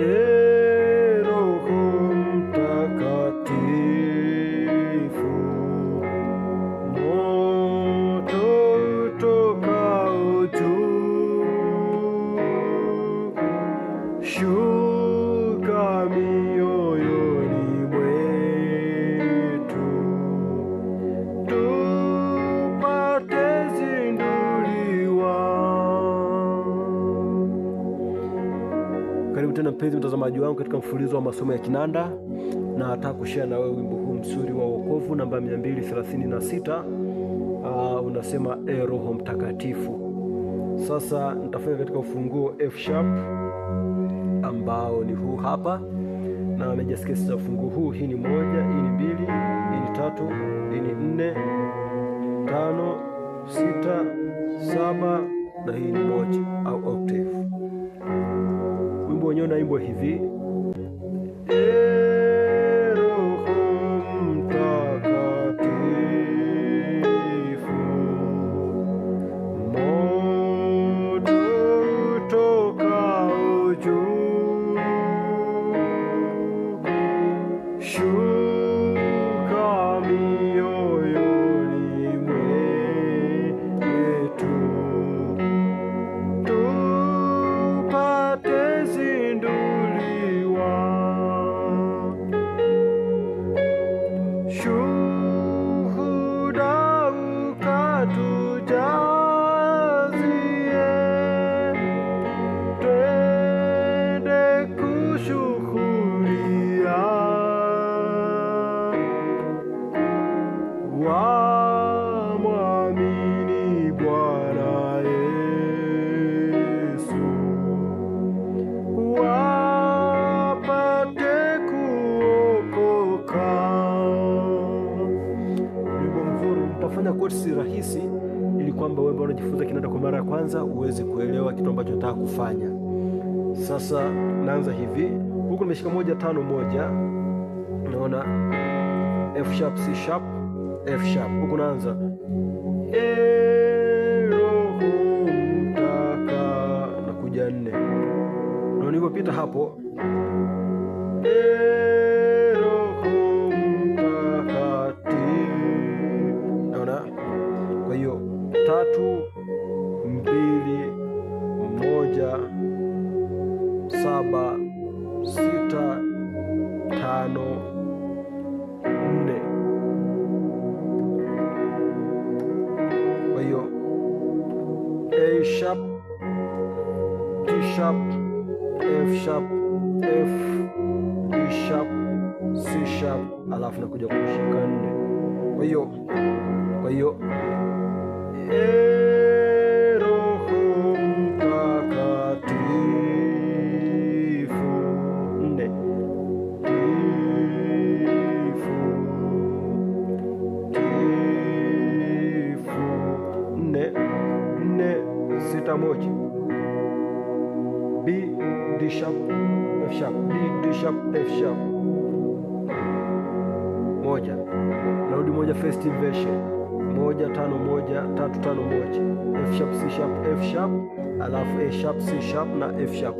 yeah. Karibu tena mpenzi mtazamaji wangu katika mfululizo wa masomo ya kinanda, na nataka kushare na wewe wimbo huu mzuri wa wokovu namba 236. Uh, unasema e Roho Mtakatifu. Sasa nitafanya katika ufunguo F sharp ambao ni huu hapa, na major za ufunguo huu, hii ni moja, hii ni mbili, hii ni tatu, hii ni nne, tano, sita, saba na hii ni moja au octave naimbwa hivi Sure. kufanya kosi rahisi, ili kwamba wewe ambaye unajifunza kinanda kwa mara ya kwanza uweze kuelewa kitu ambacho nataka kufanya. Sasa naanza hivi, huku nimeshika moja tano moja, naona F sharp, C sharp, F sharp, huku naanza nakuja nne, na nilipopita hapo e sharp, F sharp, F, D sharp, C sharp, alafu nakuja kushika nne. Kwa hiyo kwa hiyo Roho Mtakatifu moja B, D sharp, F sharp, B, D sharp, F sharp. Moja. Narudi moja first inversion. Moja tano moja tatu tano moja. F sharp, C sharp, F sharp, alafu A sharp, C sharp na F sharp.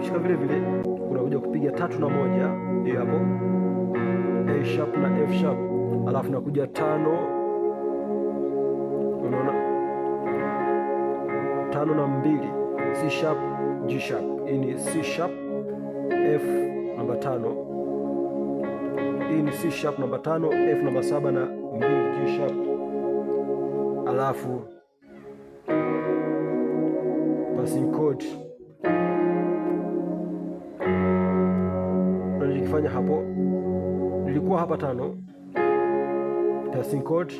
ukishika vile vile unakuja kupiga tatu na moja, hiyo hapo A sharp na F sharp, alafu nakuja tano, unaona tano na mbili, C sharp G sharp. Hii ni C sharp F namba tano, hii ni C sharp namba tano, F namba saba na mbili, G sharp, alafu passing chord nilikuwa hapa tano, passing chord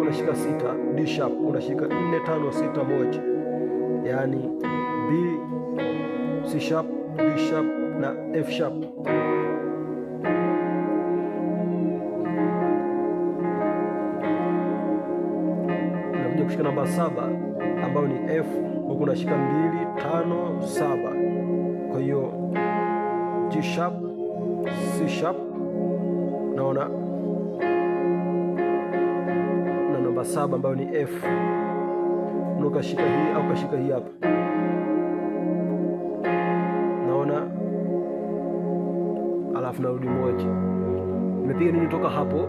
unashika sita, D sharp unashika nne tano sita moja, yaani B C sharp D sharp na F sharp. kushika namba saba ambayo ni F, huku unashika mbili tano saba, kwa hiyo G sharp C sharp unaona, na namba saba ambayo ni F, ukashika hii au kashika hii hapa, naona, alafu narudi moja, nimepiga nini toka hapo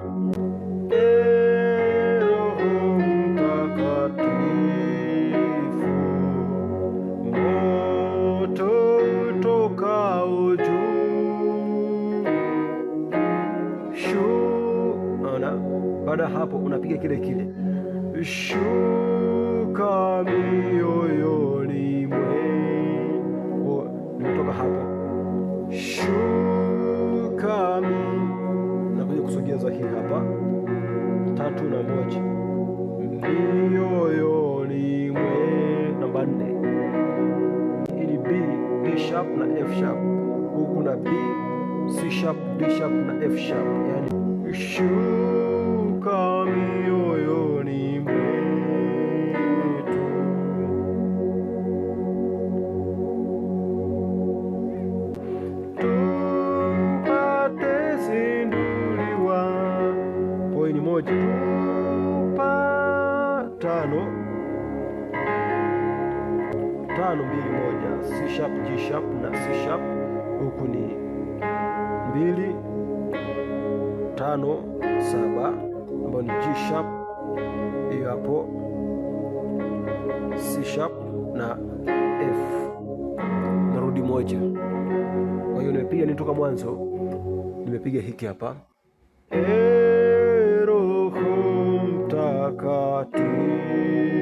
Baada ya hapo, unapiga kile kile, shuka mioyoni mwe, kutoka hapo shuka mi, nakuja kusogeza hii hapa, tatu na moja, mioyoni namba nne, ili B, D sharp na F sharp, huku na B, C sharp, D sharp na F sharp, yani shuka mioyoni mwetu. Tupate zinduliwa. Poi moja tupa tano tano mbili moja C sharp G sharp na C sharp, huku ni mbili tano saba ambayo ni G sharp, hiyo hapo C sharp na F narudi moja. Kwa hiyo nimepiga ni toka mwanzo, nimepiga hiki hapa e Roho Mtakatifu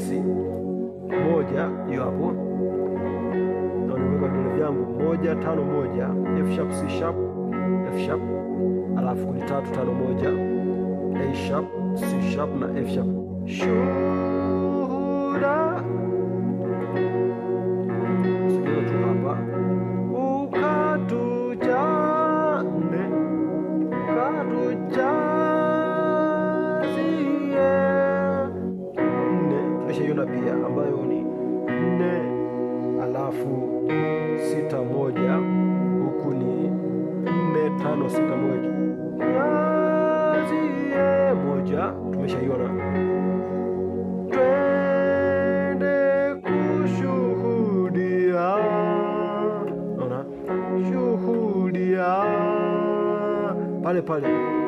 hizi moja hiyo hapo ndio nimeweka vidole vyangu moja tano moja F sharp C sharp F sharp, alafu kuni tatu tano moja A sharp C sharp na F sharp sure. yaparım.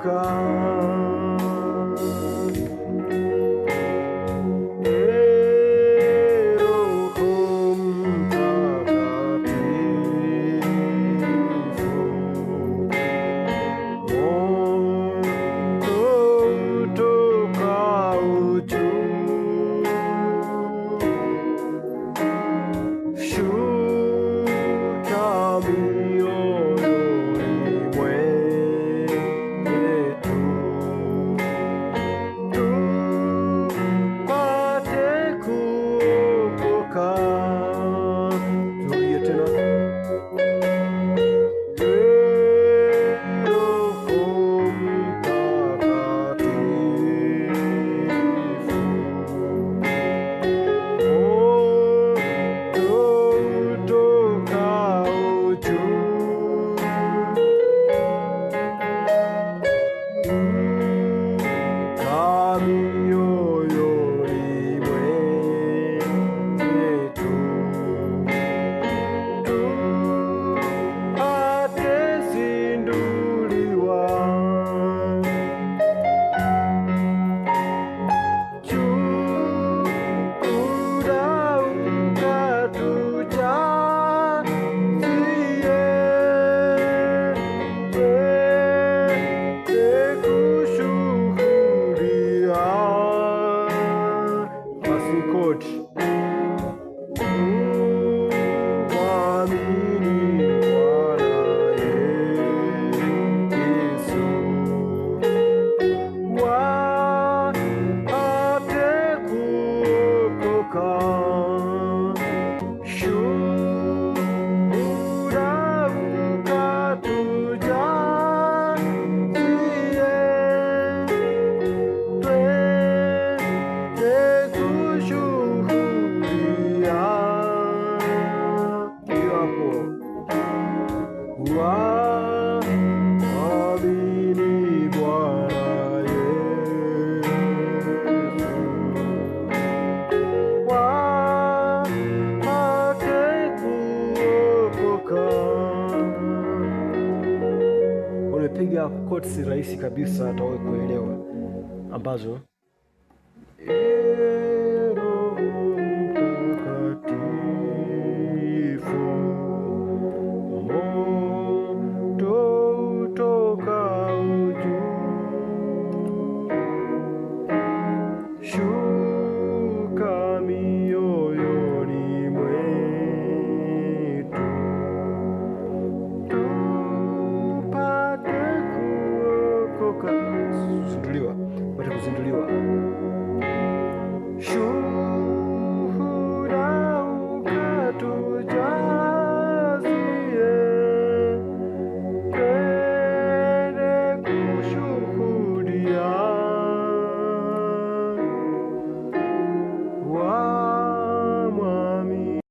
come. kabisa wewe kuelewa ambazo 百分之六啊。